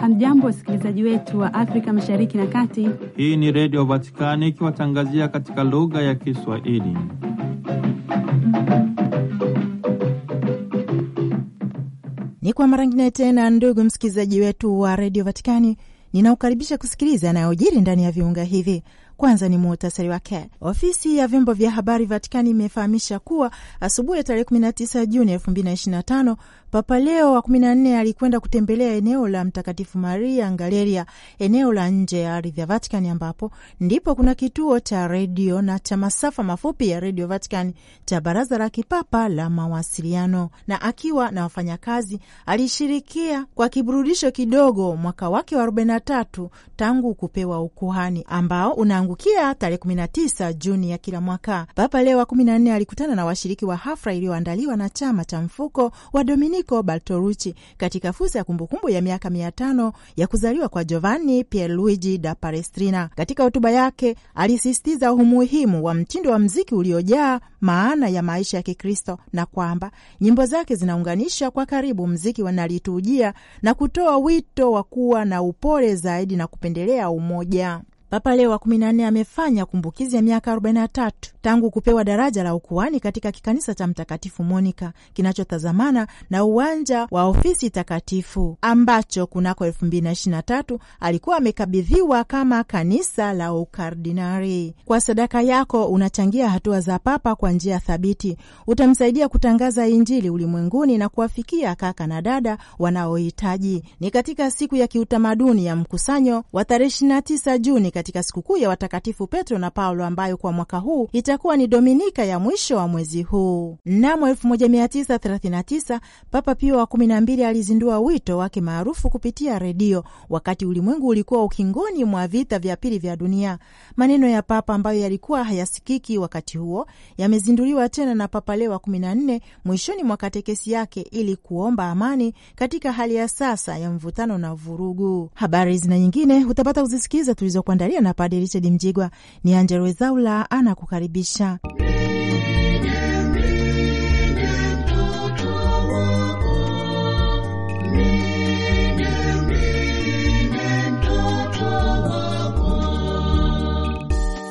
Hamjambo, wasikilizaji wetu wa Afrika mashariki na kati. Hii ni Redio Vatikani ikiwatangazia katika lugha ya Kiswahili. Ni kwa mara ngine tena, ndugu msikilizaji wetu wa Redio Vatikani, ninaukaribisha kusikiliza yanayojiri ndani ya viunga hivi kwanza ni muhtasari wake. Ofisi ya vyombo vya habari Vatikani imefahamisha kuwa asubuhi ya tarehe 19 Juni 2025 Papa Leo wa kumi na nne alikwenda kutembelea eneo la Mtakatifu Maria Ngaleria, eneo la nje ya ardhi ya Vatikani, ambapo ndipo kuna kituo cha redio na cha masafa mafupi ya redio Vatikani cha Baraza la Kipapa la Mawasiliano, na akiwa na wafanyakazi alishirikia kwa kiburudisho kidogo mwaka wake wa 43 tangu kupewa ukuhani ambao unaangukia tarehe 19 Juni ya kila mwaka. Papa Leo wa nne alikutana na washiriki wa hafla iliyoandaliwa na chama cha mfuko wa Dominic Domenico Bartolucci katika fursa ya kumbukumbu ya miaka mia tano ya kuzaliwa kwa Giovanni Pierluigi da Palestrina. Katika hotuba yake alisisitiza umuhimu wa mtindo wa mziki uliojaa maana ya maisha ya Kikristo na kwamba nyimbo zake zinaunganisha kwa karibu mziki wanalitujia na kutoa wito wa kuwa na upole zaidi na kupendelea umoja. Papa Leo wa 14 amefanya kumbukizi ya miaka 43 tangu kupewa daraja la ukuani katika kikanisa cha Mtakatifu Monica kinachotazamana na uwanja wa ofisi takatifu ambacho kunako 2023 alikuwa amekabidhiwa kama kanisa la ukardinari. Kwa sadaka yako unachangia hatua za Papa kwa njia thabiti, utamsaidia kutangaza Injili ulimwenguni na kuwafikia kaka na dada wanaohitaji. Ni katika siku ya kiutamaduni ya mkusanyo wa tarehe 29 Juni katika sikukuu ya watakatifu Petro na Paulo ambayo kwa mwaka huu itakuwa ni dominika ya mwisho wa mwezi huu. Mnamo 1939 Papa Pio wa 12 alizindua wito wake maarufu kupitia redio wakati ulimwengu ulikuwa ukingoni mwa vita vya pili vya dunia. Maneno ya Papa ambayo yalikuwa hayasikiki wakati huo yamezinduliwa tena na Papa Leo wa 14 mwishoni mwa katekesi yake ili kuomba amani katika hali ya sasa ya mvutano na vurugu. Habari zina nyingine utapata kuzisikiza tulizokuandalia iliyoandaliwa na Padre Richard Mjigwa. Ni Angella Rwezaula anakukaribisha.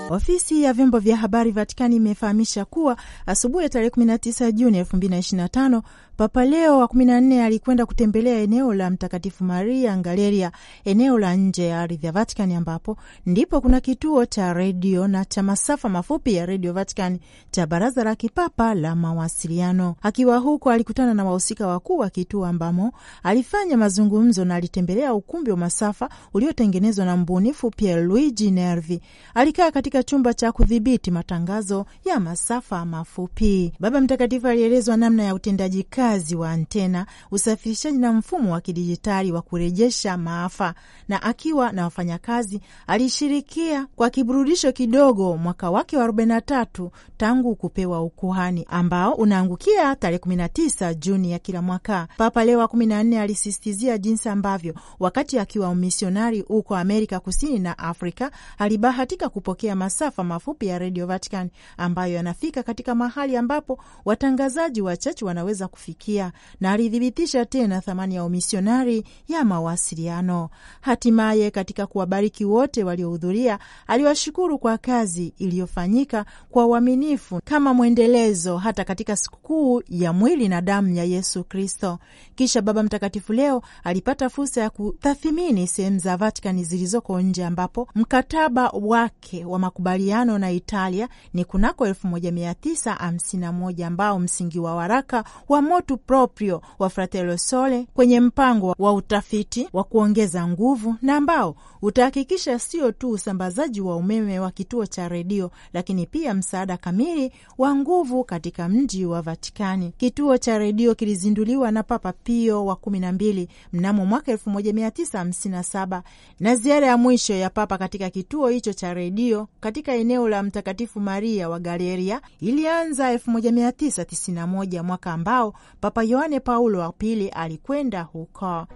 Ofisi ya vyombo vya habari Vatikani imefahamisha kuwa asubuhi ya tarehe 19 Juni 2025 Papa Leo wa 14 alikwenda kutembelea eneo la Mtakatifu Maria Ngaleria, eneo la nje ya ardhi ya Vatican, ambapo ndipo kuna kituo cha redio na cha masafa mafupi ya redio Vatican cha Baraza la Kipapa la Mawasiliano. Akiwa huko, alikutana na wahusika wakuu wa kituo ambamo alifanya mazungumzo na alitembelea ukumbi wa masafa uliotengenezwa na mbunifu Luigi Nervi. Alikaa katika chumba cha kudhibiti matangazo ya masafa mafupi. Baba Mtakatifu alielezwa namna ya utendaji kazi wa antena, usafirishaji na mfumo wa kidijitali wa kurejesha maafa, na akiwa na wafanyakazi alishirikia kwa kiburudisho kidogo mwaka wake wa 43 tangu kupewa ukuhani ambao unaangukia tarehe 19 Juni ya kila mwaka. Papa Leo wa 14 alisisitizia jinsi ambavyo wakati akiwa umisionari huko Amerika Kusini na Afrika alibahatika kupokea masafa mafupi ya Radio Vatican ambayo yanafika katika mahali ambapo watangazaji wachache wanaweza kufika kufikia na alithibitisha tena thamani ya umisionari ya mawasiliano. Hatimaye, katika kuwabariki wote waliohudhuria, aliwashukuru kwa kazi iliyofanyika kwa uaminifu kama mwendelezo hata katika sikukuu ya mwili na damu ya Yesu Kristo. Kisha Baba Mtakatifu leo alipata fursa ya kutathimini sehemu za Vatikani zilizoko nje, ambapo mkataba wake wa makubaliano na Italia ni kunako 1951 ambao msingi wa waraka wa motu proprio wa Fratello Sole kwenye mpango wa utafiti wa kuongeza nguvu na ambao utahakikisha sio tu usambazaji wa umeme wa kituo cha redio, lakini pia msaada kamili wa nguvu katika mji wa Vatikani. Kituo cha redio kilizinduliwa na Papa Pio wa kumi na mbili mnamo mwaka elfu moja mia tisa hamsini na saba na ziara ya mwisho ya Papa katika kituo hicho cha redio katika eneo la Mtakatifu Maria wa Galeria ilianza elfu moja mia tisa tisini na moja mwaka ambao Papa Yohane Paulo wa Pili alikwenda huko.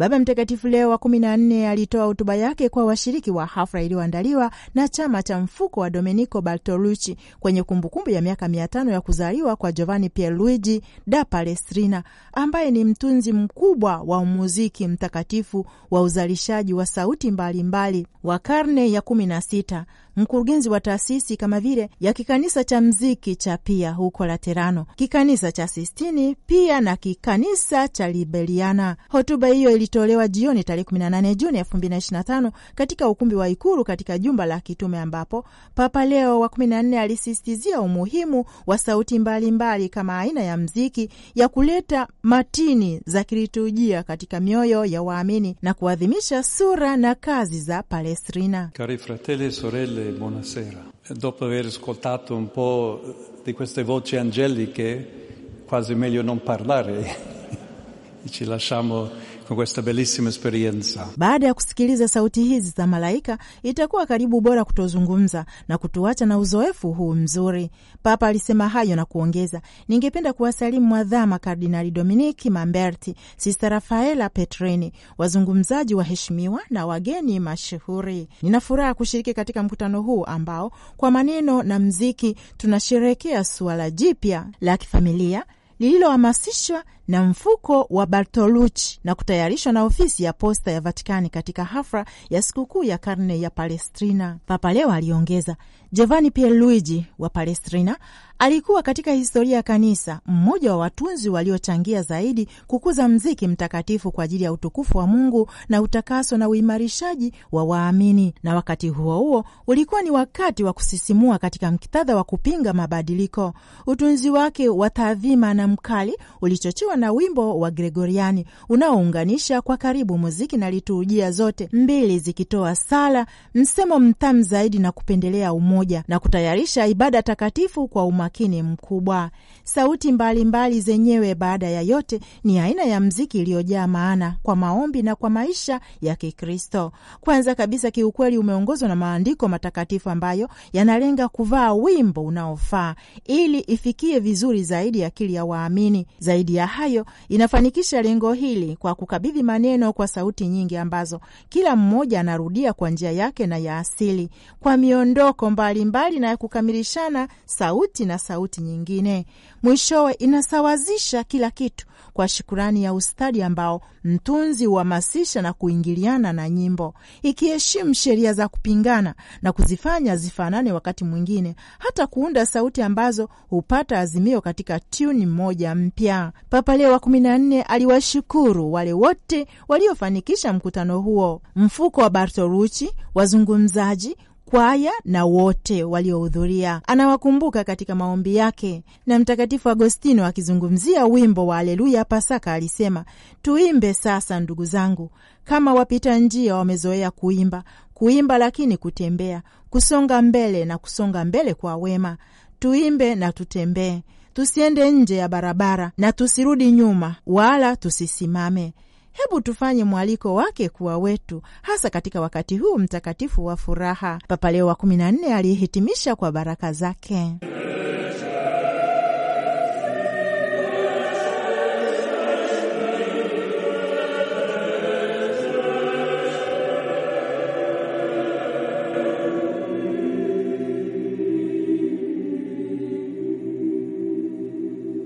Baba Mtakatifu Leo wa kumi na nne alitoa hotuba yake kwa washiriki wa hafla iliyoandaliwa na chama cha mfuko wa Domenico Bartolucci kwenye kumbukumbu ya miaka mia tano ya kuzaliwa kwa Giovanni Pierluigi da Palestrina ambaye ni mtunzi mkubwa wa muziki mtakatifu wa uzalishaji wa sauti mbalimbali mbali wa karne ya kumi na sita mkurugenzi wa taasisi kama vile ya kikanisa cha mziki cha pia huko Laterano, kikanisa cha Sistini pia na kikanisa cha Liberiana. Hotuba hiyo ilitolewa jioni tarehe 18 Juni 2025 katika ukumbi wa Ikulu katika jumba la kitume ambapo Papa Leo wa 14 alisisitizia umuhimu wa sauti mbalimbali mbali kama aina ya mziki ya kuleta matini za kiliturujia katika mioyo ya waamini na kuadhimisha sura na kazi za Palestrina. Cari fratelli e sorelle buonasera. Dopo aver ascoltato un po' di queste voci angeliche, quasi meglio non parlare, ci lasciamo kwa questa bellissima esperienza. Baada ya kusikiliza sauti hizi za malaika, itakuwa karibu bora kutozungumza na kutuacha na uzoefu huu mzuri. Papa alisema hayo na kuongeza, ningependa kuwasalimu mwadhama Kardinali Dominiki Mamberti, Sista Rafaela Petrini, wazungumzaji waheshimiwa na wageni mashuhuri. Nina furaha kushiriki katika mkutano huu ambao kwa maneno na mziki tunasherekea suala jipya la kifamilia lililohamasishwa na mfuko wa Bartolucci na kutayarishwa na ofisi ya posta ya Vatikani katika hafla ya sikukuu ya karne ya Palestrina. Papa leo aliongeza, Giovanni Pierluigi wa Palestrina Alikuwa katika historia ya kanisa mmoja wa watunzi waliochangia zaidi kukuza mziki mtakatifu kwa ajili ya utukufu wa Mungu na utakaso na uimarishaji wa waamini, na wakati huo huo ulikuwa ni wakati wa kusisimua katika mktadha wa kupinga mabadiliko. Utunzi wake wa taadhima na mkali ulichochewa na wimbo wa Gregoriani unaounganisha kwa karibu muziki na liturujia zote mbili, zikitoa sala, msemo mtamu zaidi na kupendelea umoja na kutayarisha ibada takatifu kwa umakini umakini mkubwa. Sauti mbalimbali mbali zenyewe, baada ya yote, ni aina ya mziki iliyojaa maana kwa maombi na kwa maisha ya Kikristo. Kwanza kabisa, kiukweli umeongozwa na maandiko matakatifu ambayo yanalenga kuvaa wimbo unaofaa ili ifikie vizuri zaidi akili ya waamini. Zaidi ya hayo, inafanikisha lengo hili kwa kukabidhi maneno kwa sauti nyingi ambazo kila mmoja anarudia kwa njia yake na ya asili, kwa miondoko mbalimbali mbali na ya kukamilishana sauti na sauti nyingine. Mwishowe inasawazisha kila kitu kwa shukurani ya ustadi ambao mtunzi huhamasisha na kuingiliana na nyimbo, ikiheshimu sheria za kupingana na kuzifanya zifanane, wakati mwingine hata kuunda sauti ambazo hupata azimio katika tuni moja mpya. Papa Leo wa kumi na nne aliwashukuru wale wote waliofanikisha mkutano huo, mfuko wa bartoruchi wazungumzaji kwaya na wote waliohudhuria. Anawakumbuka katika maombi yake, na Mtakatifu Agostino akizungumzia wimbo wa Aleluya Pasaka alisema, tuimbe sasa, ndugu zangu, kama wapita njia wamezoea kuimba kuimba, lakini kutembea, kusonga mbele na kusonga mbele kwa wema. Tuimbe na tutembee, tusiende nje ya barabara na tusirudi nyuma, wala tusisimame. Hebu tufanye mwaliko wake kuwa wetu, hasa katika wakati huu mtakatifu wa furaha. Papa Leo wa 14 alihitimisha kwa baraka zake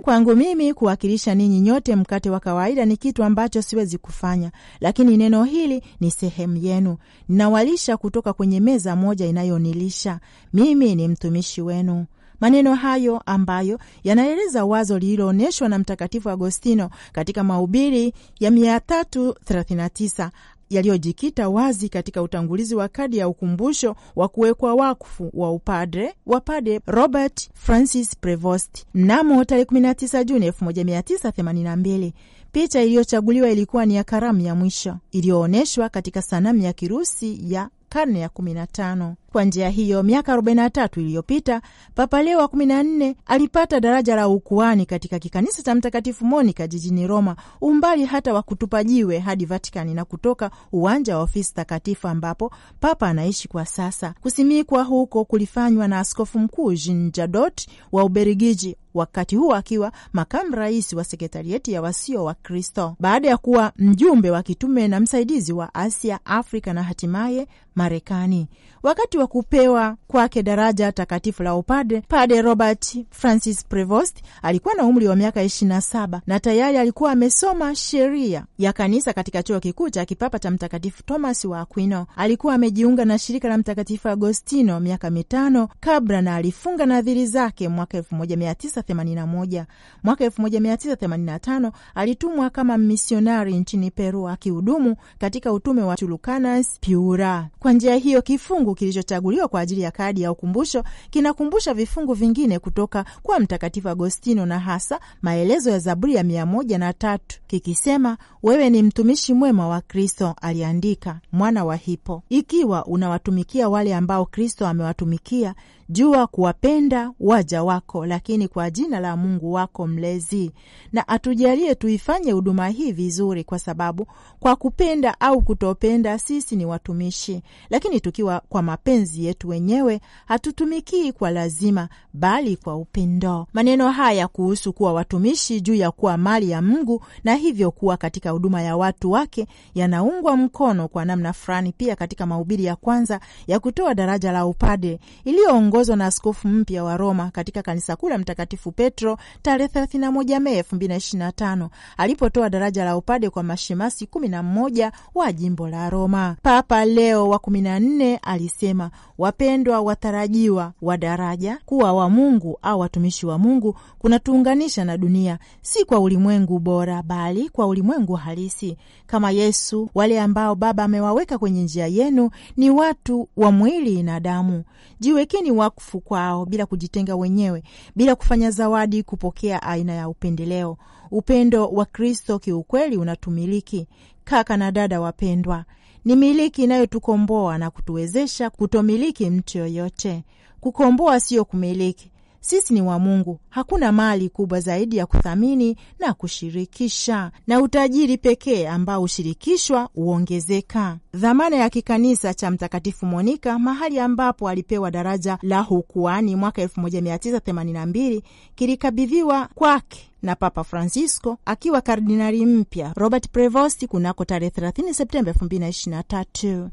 Kwangu mimi kuwakilisha ninyi nyote mkate wa kawaida ni kitu ambacho siwezi kufanya, lakini neno hili ni sehemu yenu. Ninawalisha kutoka kwenye meza moja inayonilisha. Mimi ni mtumishi wenu. Maneno hayo ambayo yanaeleza wazo lililoonyeshwa na Mtakatifu Agostino katika mahubiri ya 339 yaliyojikita wazi katika utangulizi wa kadi ya ukumbusho wa kuwekwa wakfu wa upadre wa Padre Robert Francis Prevost mnamo tarehe 19 Juni 1982. Picha iliyochaguliwa ilikuwa ni ya karamu ya mwisho iliyoonyeshwa katika sanamu ya kirusi ya karne ya 15. Kwa njia hiyo, miaka 43 iliyopita Papa Leo wa 14 alipata daraja la ukuani katika kikanisa cha Mtakatifu Monica jijini Roma, umbali hata wa kutupa jiwe hadi Vatikani na kutoka uwanja wa ofisi takatifu ambapo Papa anaishi kwa sasa. Kusimikwa huko kulifanywa na askofu mkuu Jean Jadot wa Uberigiji wakati huo akiwa makamu rais wa sekretarieti ya wasio wa Kristo, baada ya kuwa mjumbe wa kitume na msaidizi wa Asia, Afrika na hatimaye Marekani. Wakati wa kupewa kwake daraja takatifu la upadre, Padre Robert Francis Prevost alikuwa na umri wa miaka ishirini na saba na tayari alikuwa amesoma sheria ya kanisa katika chuo kikuu cha kipapa cha Mtakatifu Thomas wa Aquino. Alikuwa amejiunga na shirika la Mtakatifu Agostino miaka mitano kabla, na alifunga nadhiri zake mwaka elfu moja mia tisa 1981. Mwaka 1985 alitumwa kama misionari nchini Peru, akihudumu katika utume wa Chulucanas Piura. Kwa njia hiyo, kifungu kilichochaguliwa kwa ajili ya kadi ya ukumbusho kinakumbusha vifungu vingine kutoka kwa Mtakatifu Agostino na hasa maelezo ya Zaburi ya 103 kikisema, wewe ni mtumishi mwema wa Kristo, aliandika mwana wa Hipo, ikiwa unawatumikia wale ambao Kristo amewatumikia jua kuwapenda waja wako, lakini kwa jina la Mungu wako mlezi, na atujalie tuifanye huduma hii vizuri, kwa sababu kwa kupenda au kutopenda sisi ni watumishi, lakini tukiwa kwa mapenzi yetu wenyewe hatutumikii kwa lazima, bali kwa upendo. Maneno haya kuhusu kuwa watumishi juu ya kuwa mali ya Mungu na hivyo kuwa katika huduma ya watu wake yanaungwa mkono kwa namna fulani pia katika mahubiri ya kwanza ya kutoa daraja la upade iliyo akiongozwa na askofu mpya wa Roma katika kanisa kuu la Mtakatifu Petro tarehe 31 Mei 2025 alipotoa daraja la upade kwa mashemasi 11 wa jimbo la Roma. Papa Leo wa 14 alisema, wapendwa watarajiwa wa daraja, kuwa wa Mungu au watumishi wa Mungu kunatuunganisha na dunia, si kwa ulimwengu bora, bali kwa ulimwengu halisi. Kama Yesu, wale ambao Baba amewaweka kwenye njia yenu ni watu wa mwili na damu. Jiwekeni wa wakfu kwao bila kujitenga wenyewe, bila kufanya zawadi, kupokea aina ya upendeleo. Upendo wa Kristo kiukweli unatumiliki. Kaka na dada wapendwa, ni miliki inayotukomboa na kutuwezesha kutomiliki mtu yoyote. Kukomboa siyo kumiliki, sisi ni wa Mungu, hakuna mali kubwa zaidi ya kuthamini na kushirikisha, na utajiri pekee ambao hushirikishwa huongezeka. Dhamana ya kikanisa cha Mtakatifu Monika, mahali ambapo alipewa daraja la hukuani mwaka 1982 kilikabidhiwa kwake na Papa Francisco akiwa kardinali mpya Robert Prevost kunako tarehe 30 Septemba 2023.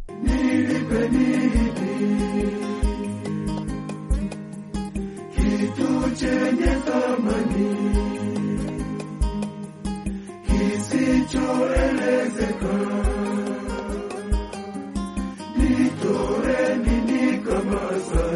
chenye thamani kisichoelezeka. Nitoreni nikamasa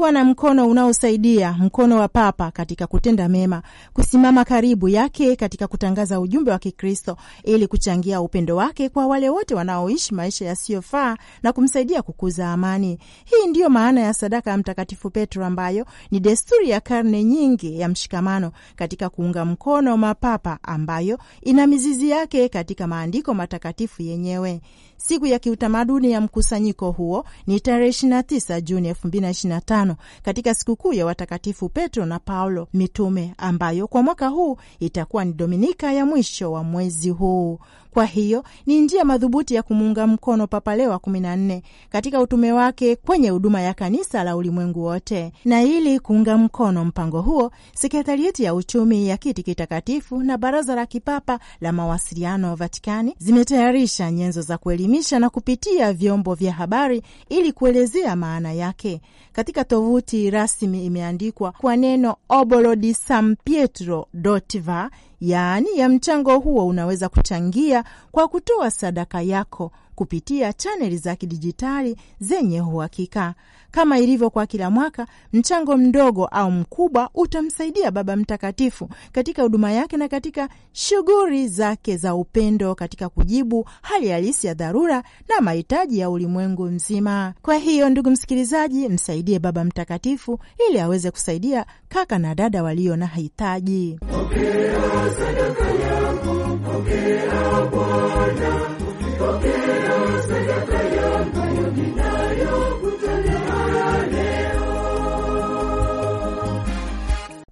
Kuwa na mkono unaosaidia, mkono wa Papa katika kutenda mema, kusimama karibu yake katika kutangaza ujumbe wa Kikristo ili kuchangia upendo wake kwa wale wote wanaoishi maisha yasiyofaa na kumsaidia kukuza amani. Hii ndiyo maana ya sadaka ya Mtakatifu Petro, ambayo ni desturi ya karne nyingi ya mshikamano katika kuunga mkono mapapa, ambayo ina mizizi yake katika maandiko matakatifu yenyewe. Siku ya kiutamaduni ya mkusanyiko huo ni tarehe 29 Juni 2025 tano katika sikukuu ya watakatifu Petro na Paulo mitume ambayo kwa mwaka huu itakuwa ni dominika ya mwisho wa mwezi huu. Kwa hiyo ni njia madhubuti ya kumuunga mkono Papa Leo wa kumi na nne katika utume wake kwenye huduma ya kanisa la ulimwengu wote. Na ili kuunga mkono mpango huo, sekretarieti ya uchumi ya kiti kitakatifu na baraza la kipapa la mawasiliano Vatikani zimetayarisha nyenzo za kuelimisha na kupitia vyombo vya habari ili kuelezea maana yake. Katika tovuti rasmi imeandikwa kwa neno obolo di san pietro dotva yaani ya mchango huo unaweza kuchangia kwa kutoa sadaka yako kupitia chaneli za kidijitali zenye uhakika. Kama ilivyo kwa kila mwaka, mchango mdogo au mkubwa utamsaidia Baba Mtakatifu katika huduma yake na katika shughuli zake za upendo katika kujibu hali halisi ya dharura na mahitaji ya ulimwengu mzima. Kwa hiyo, ndugu msikilizaji, msaidie Baba Mtakatifu ili aweze kusaidia kaka na dada walio na hitaji. Pokea sadaka yangu, pokea Bwana.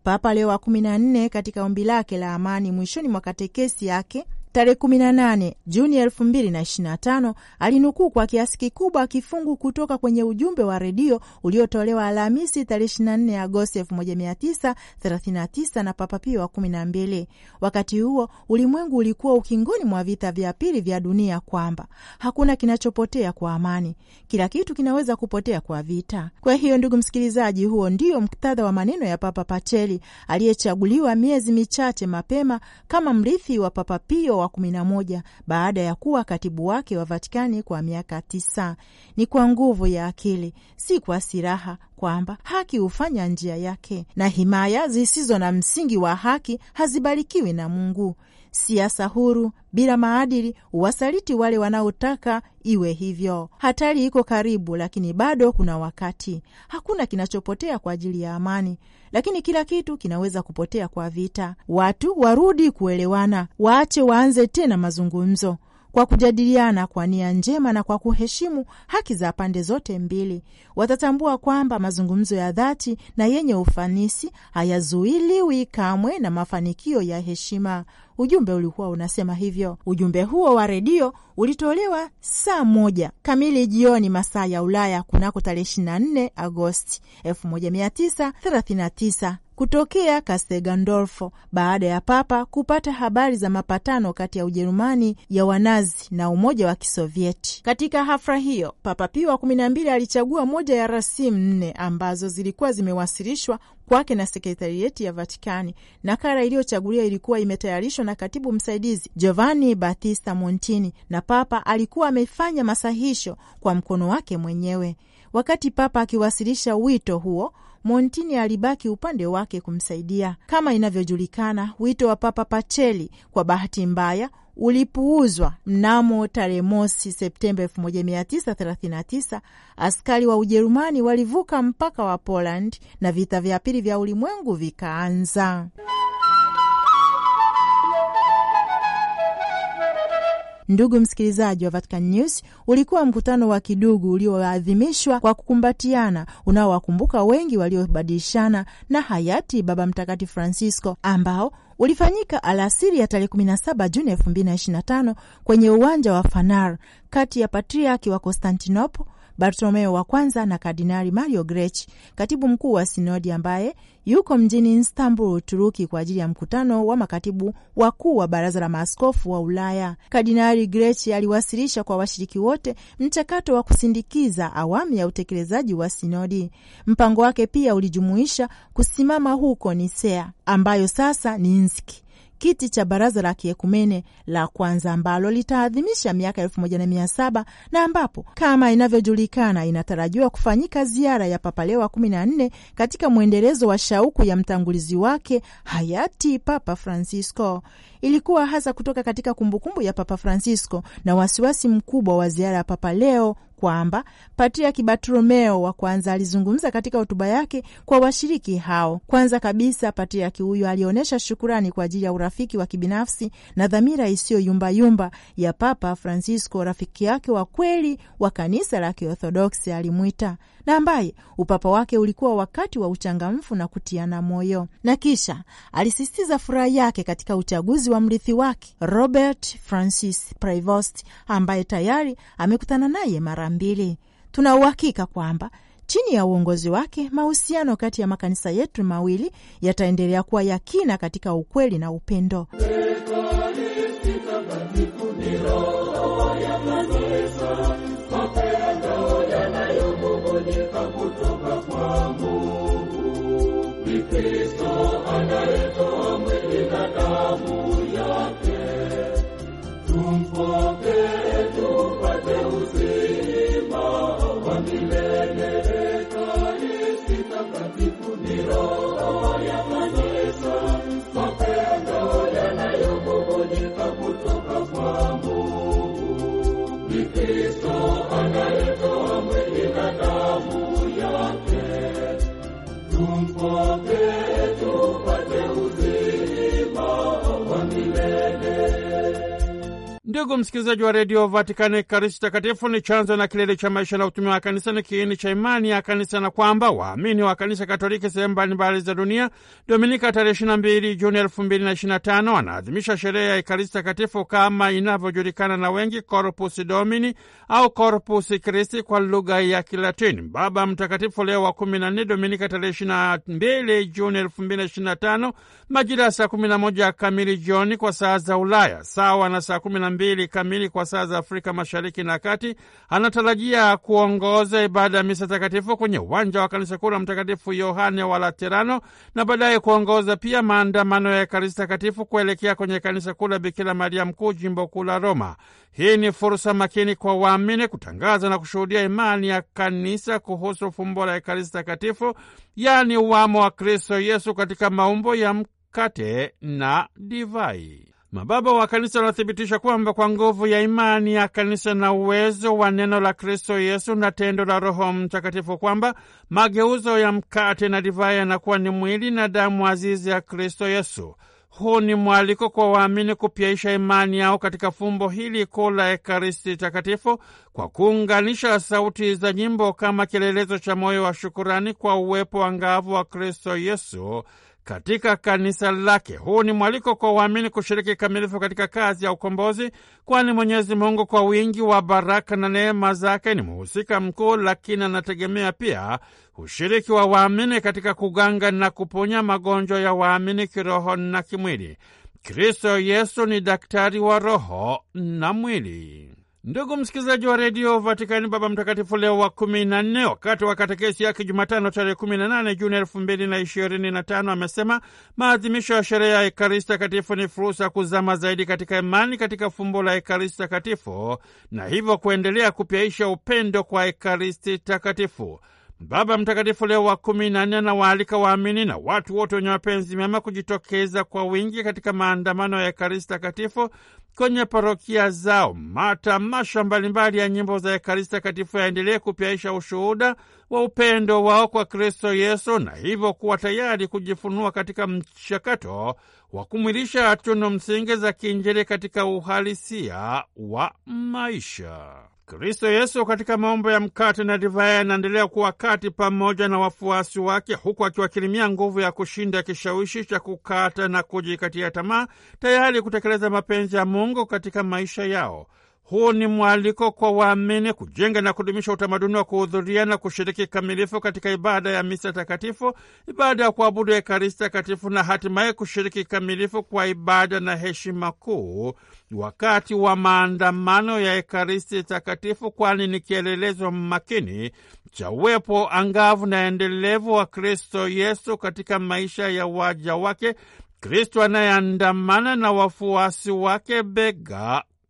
Papa Leo wa 14 katika ombi lake la amani mwishoni mwa katekesi yake tarehe 18 Juni 2025 alinukuu kwa kiasi kikubwa kifungu kutoka kwenye ujumbe wa redio uliotolewa Alhamisi tarehe 24 Agosti 1939 na Papa Pio wa 12. Wakati huo ulimwengu ulikuwa ukingoni mwa vita vya pili vya dunia, kwamba hakuna kinachopotea kwa amani, kila kitu kinaweza kupotea kwa vita. Kwa hiyo, ndugu msikilizaji, huo ndio muktadha wa maneno ya Papa Pacheli aliyechaguliwa miezi michache mapema kama mrithi wa Papa Pio wa 11 baada ya kuwa katibu wake wa Vatikani kwa miaka tisa. Ni kwa nguvu ya akili, si kwa silaha, kwamba haki hufanya njia yake, na himaya zisizo na msingi wa haki hazibarikiwi na Mungu siasa huru bila maadili, wasaliti wale wanaotaka iwe hivyo. Hatari iko karibu, lakini bado kuna wakati. Hakuna kinachopotea kwa ajili ya amani, lakini kila kitu kinaweza kupotea kwa vita. Watu warudi kuelewana, waache waanze tena mazungumzo kwa kujadiliana kwa nia njema na kwa kuheshimu haki za pande zote mbili, watatambua kwamba mazungumzo ya dhati na yenye ufanisi hayazuiliwi kamwe na mafanikio ya heshima. Ujumbe ulikuwa unasema hivyo. Ujumbe huo wa redio ulitolewa saa moja kamili jioni masaa ya Ulaya kunako tarehe 24 Agosti 1939 kutokea Kastegandolfo baada ya Papa kupata habari za mapatano kati ya Ujerumani ya Wanazi na Umoja wa Kisovieti. Katika hafla hiyo, Papa Pio wa kumi na mbili alichagua moja ya rasimu nne ambazo zilikuwa zimewasilishwa kwake na sekretarieti ya Vatikani. Nakala iliyochaguliwa ilikuwa imetayarishwa na katibu msaidizi Giovanni Battista Montini, na Papa alikuwa amefanya masahisho kwa mkono wake mwenyewe. Wakati Papa akiwasilisha wito huo Montini alibaki upande wake kumsaidia. Kama inavyojulikana, wito wa Papa Pacheli kwa bahati mbaya ulipuuzwa mnamo tarehe mosi Septemba 1939. Askari wa Ujerumani walivuka mpaka wa Poland na vita vya pili vya ulimwengu vikaanza. Ndugu msikilizaji wa Vatican News, ulikuwa mkutano wa kidugu ulioadhimishwa kwa kukumbatiana unaowakumbuka wengi waliobadilishana na hayati Baba Mtakatifu Francisco ambao ulifanyika alasiri ya tarehe 17 Juni 2025 kwenye uwanja wa Fanar kati ya patriaki wa Konstantinopo Bartolomeo wa kwanza na Kardinali Mario Grech, katibu mkuu wa sinodi ambaye yuko mjini Istanbul, Uturuki, kwa ajili ya mkutano wa makatibu wakuu wa baraza la maaskofu wa Ulaya. Kardinali Grech aliwasilisha kwa washiriki wote mchakato wa kusindikiza awamu ya utekelezaji wa sinodi. Mpango wake pia ulijumuisha kusimama huko Nisea ambayo sasa ni Inski kiti cha baraza la kiekumene la kwanza ambalo litaadhimisha miaka elfu moja na mia saba na ambapo kama inavyojulikana inatarajiwa kufanyika ziara ya Papa Leo wa kumi na nne katika mwendelezo wa shauku ya mtangulizi wake hayati Papa Francisco. Ilikuwa hasa kutoka katika kumbukumbu ya Papa Francisco na wasiwasi mkubwa wa ziara ya Papa Leo kwamba Patriaki Bartolomeo wa kwanza alizungumza katika hotuba yake kwa washiriki hao. Kwanza kabisa, patriaki huyo alionyesha shukurani kwa ajili ya urafiki wa kibinafsi na dhamira isiyo yumbayumba ya Papa Francisco, rafiki yake wa kweli wa kanisa la Kiorthodoksi alimwita, na ambaye upapa wake ulikuwa wakati wa uchangamfu na kutiana moyo. Na kisha alisisitiza furaha yake katika uchaguzi wa mrithi wake Robert Francis Prevost ambaye tayari amekutana naye mara mara mbili. Tuna uhakika kwamba chini ya uongozi wake mahusiano kati ya makanisa yetu mawili yataendelea kuwa ya kina katika ukweli na upendo. ni Kristo anayetoa Ndugu msikilizaji wa redio Vatikani, Ekaristi Takatifu ni chanzo na kilele cha maisha na utumi wa kanisa, ni kiini cha imani ya kanisa, na kwamba waamini wa kanisa Katoliki sehemu mbalimbali za dunia, Dominika tarehe 22 Juni 2025 wanaadhimisha sherehe ya Ekaristi Takatifu kama inavyojulikana na wengi, Corpus Domini au Corpus Christi kwa lugha ya Kilatini. Baba Mtakatifu Leo wa 14, Dominika tarehe 22 Juni 2025 majira ya saa 11 kamili jioni kwa saa za Ulaya, sawa na saa 12 mbili kamili kwa saa za Afrika Mashariki na Kati. Anatarajia kuongoza ibada ya misa takatifu kwenye uwanja wa kanisa kuu la Mtakatifu Yohane wa Laterano na baadaye kuongoza pia maandamano ya Ekaristi Takatifu kuelekea kwenye kanisa kuu la Bikira Maria Mkuu, jimbo kuu la Roma. Hii ni fursa makini kwa waamini kutangaza na kushuhudia imani ya kanisa kuhusu fumbo la Ekaristi Takatifu, yaani uwamo wa Kristo Yesu katika maumbo ya mkate na divai. Mababa wa kanisa wanathibitisha kwamba kwa nguvu ya imani ya kanisa na uwezo wa neno la Kristo Yesu na tendo la Roho Mtakatifu kwamba mageuzo ya mkate na divai yanakuwa ni mwili na damu azizi ya Kristo Yesu. Huu ni mwaliko kwa waamini kupyaisha imani yao katika fumbo hili kuu la Ekaristi Takatifu kwa kuunganisha sauti za nyimbo kama kielelezo cha moyo wa shukurani kwa uwepo angavu wa Kristo Yesu katika kanisa lake. Huu ni mwaliko kwa waamini kushiriki kikamilifu katika kazi ya ukombozi, kwani Mwenyezi Mungu kwa wingi wa baraka na neema zake ni mhusika mkuu, lakini anategemea pia ushiriki wa waamini katika kuganga na kuponya magonjwa ya waamini kiroho na kimwili. Kristo Yesu ni daktari wa roho na mwili. Ndugu msikilizaji wa redio Vatikani, Baba Mtakatifu Leo wa kumi na nne wakati wa katekesi yake Jumatano tarehe kumi na nane Juni elfu mbili na ishirini na tano amesema maadhimisho ya sherehe ya Ekaristi Takatifu ni fursa ya kuzama zaidi katika imani katika fumbo la Ekaristi Takatifu na hivyo kuendelea kupyaisha upendo kwa Ekaristi Takatifu. Baba Mtakatifu Leo wa kumi na nne anawaalika waamini na watu wote wenye mapenzi mema kujitokeza kwa wingi katika maandamano ya Ekaristi Takatifu kwenye parokia zao. Matamasha mbalimbali ya nyimbo za Ekaristi Takatifu yaendelee kupyaisha ushuhuda wa upendo wao kwa Kristo Yesu na hivyo kuwa tayari kujifunua katika mchakato wa kumwilisha tunu msingi za kiinjili katika uhalisia wa maisha. Kristo Yesu katika maombo ya mkate na divai anaendelea kuwa kati pamoja na wafuasi wake, huku akiwakirimia nguvu ya kushinda kishawishi cha kukata na kujikatia tamaa, tayari kutekeleza mapenzi ya Mungu katika maisha yao. Huu ni mwaliko kwa waamini kujenga na kudumisha utamaduni wa kuhudhuria na kushiriki kamilifu katika ibada ya misa takatifu, ibada ya kuabudu ya Ekaristi takatifu na hatimaye kushiriki kamilifu kwa ibada na heshima kuu wakati wa maandamano ya Ekaristi takatifu, kwani ni kielelezo makini cha uwepo angavu na endelevu wa Kristo Yesu katika maisha ya waja wake, Kristo anayeandamana na wafuasi wake bega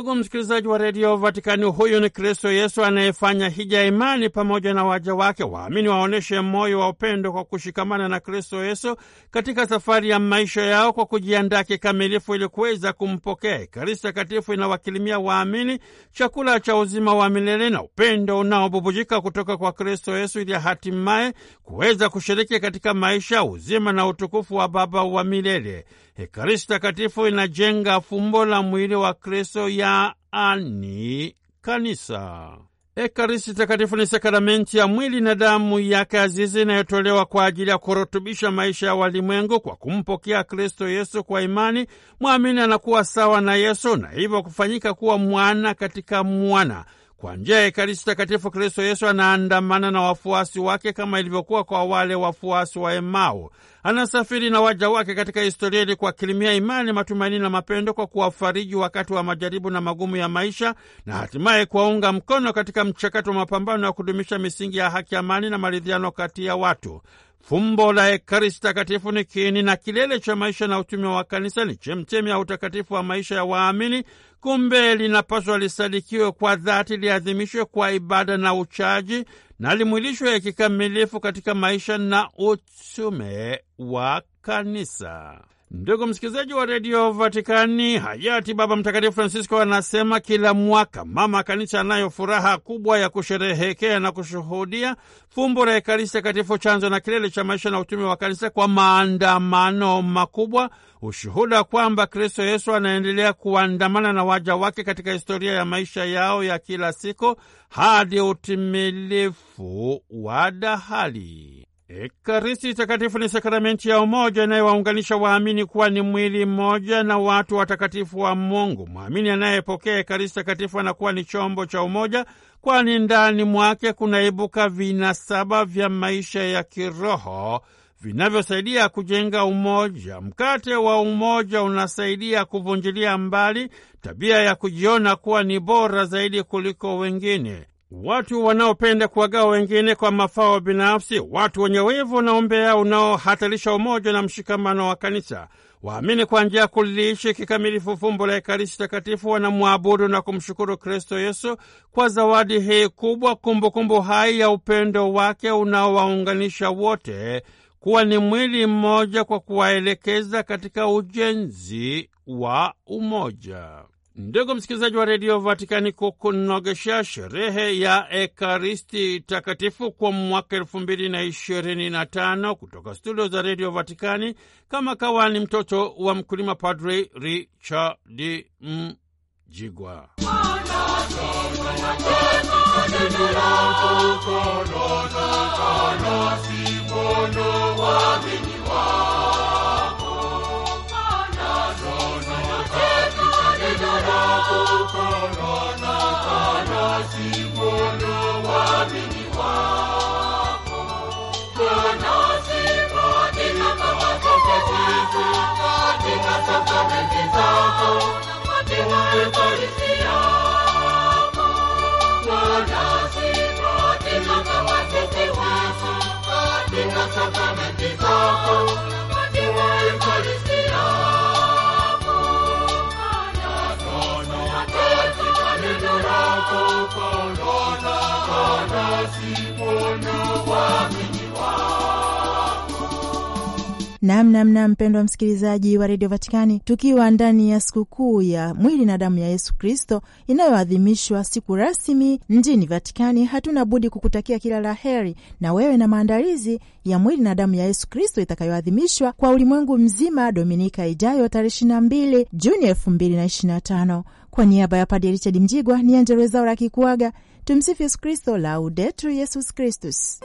Ndugu msikilizaji wa redio Vatikani, huyu ni Kristo Yesu anayefanya hija ya imani pamoja na waja wake. Waamini waonyeshe moyo wa upendo kwa kushikamana na Kristo Yesu katika safari ya maisha yao kwa kujiandaa kikamilifu ili kuweza kumpokea. Ekaristi Takatifu inawakilimia waamini chakula cha uzima wa milele na upendo unaobubujika kutoka kwa Kristo Yesu ili hatimaye kuweza kushiriki katika maisha, uzima na utukufu wa Baba wa milele. Ekaristi Takatifu inajenga fumbo la mwili wa Kristo, yaani kanisa. Ekaristi Takatifu ni sakramenti ya mwili na damu yake azizi inayotolewa kwa ajili ya kurutubisha maisha ya walimwengu. Kwa kumpokea Kristo Yesu kwa imani, mwamini anakuwa sawa na Yesu na hivyo kufanyika kuwa mwana katika mwana. Kwa njia ya Ekaristi Takatifu, Kristo Yesu anaandamana na wafuasi wake kama ilivyokuwa kwa wale wafuasi wa Emau. Anasafiri na waja wake katika historia ili kuwakirimia imani, matumaini na mapendo kwa kuwafariji wakati wa majaribu na magumu ya maisha, na hatimaye kuwaunga mkono katika mchakato wa mapambano ya kudumisha misingi ya haki, amani na maridhiano kati ya watu. Fumbo la Ekaristi Takatifu ni kiini na kilele cha maisha na utume wa Kanisa, ni chemchemi ya utakatifu wa maisha ya waamini. Kumbe linapaswa lisadikiwe kwa dhati, liadhimishwe kwa ibada na uchaji, na limwilishwe kikamilifu katika maisha na utume wa Kanisa. Ndugu msikilizaji wa redio Vatikani, hayati Baba Mtakatifu Francisco anasema kila mwaka mama kanisa anayo furaha kubwa ya kusherehekea na kushuhudia fumbo la Ekaristi Takatifu, chanzo na kilele cha maisha na utume wa kanisa, kwa maandamano makubwa, ushuhuda kwamba Kristo Yesu anaendelea kuandamana na waja wake katika historia ya maisha yao ya kila siku hadi utimilifu wa dahali. Ekaristi takatifu ni sakramenti ya umoja inayowaunganisha waamini kuwa ni mwili mmoja na watu watakatifu wa Mungu. Mwamini anayepokea Ekaristi takatifu anakuwa ni chombo cha umoja, kwani ndani mwake kunaibuka vinasaba vya maisha ya kiroho vinavyosaidia kujenga umoja. Mkate wa umoja unasaidia kuvunjilia mbali tabia ya kujiona kuwa ni bora zaidi kuliko wengine watu wanaopenda kuwagawa wengine kwa mafao binafsi, watu wenye wivu na umbea unaohatarisha umoja na mshikamano wa kanisa. Waamini kwa njia ya kuliishi kikamilifu fumbo la Ekaristi Takatifu wanamwabudu na kumshukuru Kristo Yesu kwa zawadi hii kubwa, kumbukumbu kumbu hai ya upendo wake unaowaunganisha wote kuwa ni mwili mmoja kwa kuwaelekeza katika ujenzi wa umoja. Ndugu msikilizaji wa redio Vatikani, kukunogesha sherehe ya Ekaristi Takatifu kwa mwaka elfu mbili na ishirini na tano kutoka studio za redio Vatikani, kama kawa ni mtoto wa mkulima, Padri Richard Mjigwa. Katika sakramenti zako, katika Ekaristi Namnamna mpendwa msikilizaji wa redio Vatikani, tukiwa ndani ya sikukuu ya mwili na damu ya Yesu Kristo inayoadhimishwa siku rasmi mjini Vatikani, hatuna budi kukutakia kila la heri na wewe na maandalizi ya mwili na damu ya Yesu Kristo itakayoadhimishwa kwa ulimwengu mzima dominika ijayo tarehe 22 Juni 2025. Kwa niaba ya Padre Richard Mjigwa ni Anjereza Ora kikuaga. Tumsifu Yesu Kristo, Laudetur Yesus Kristus.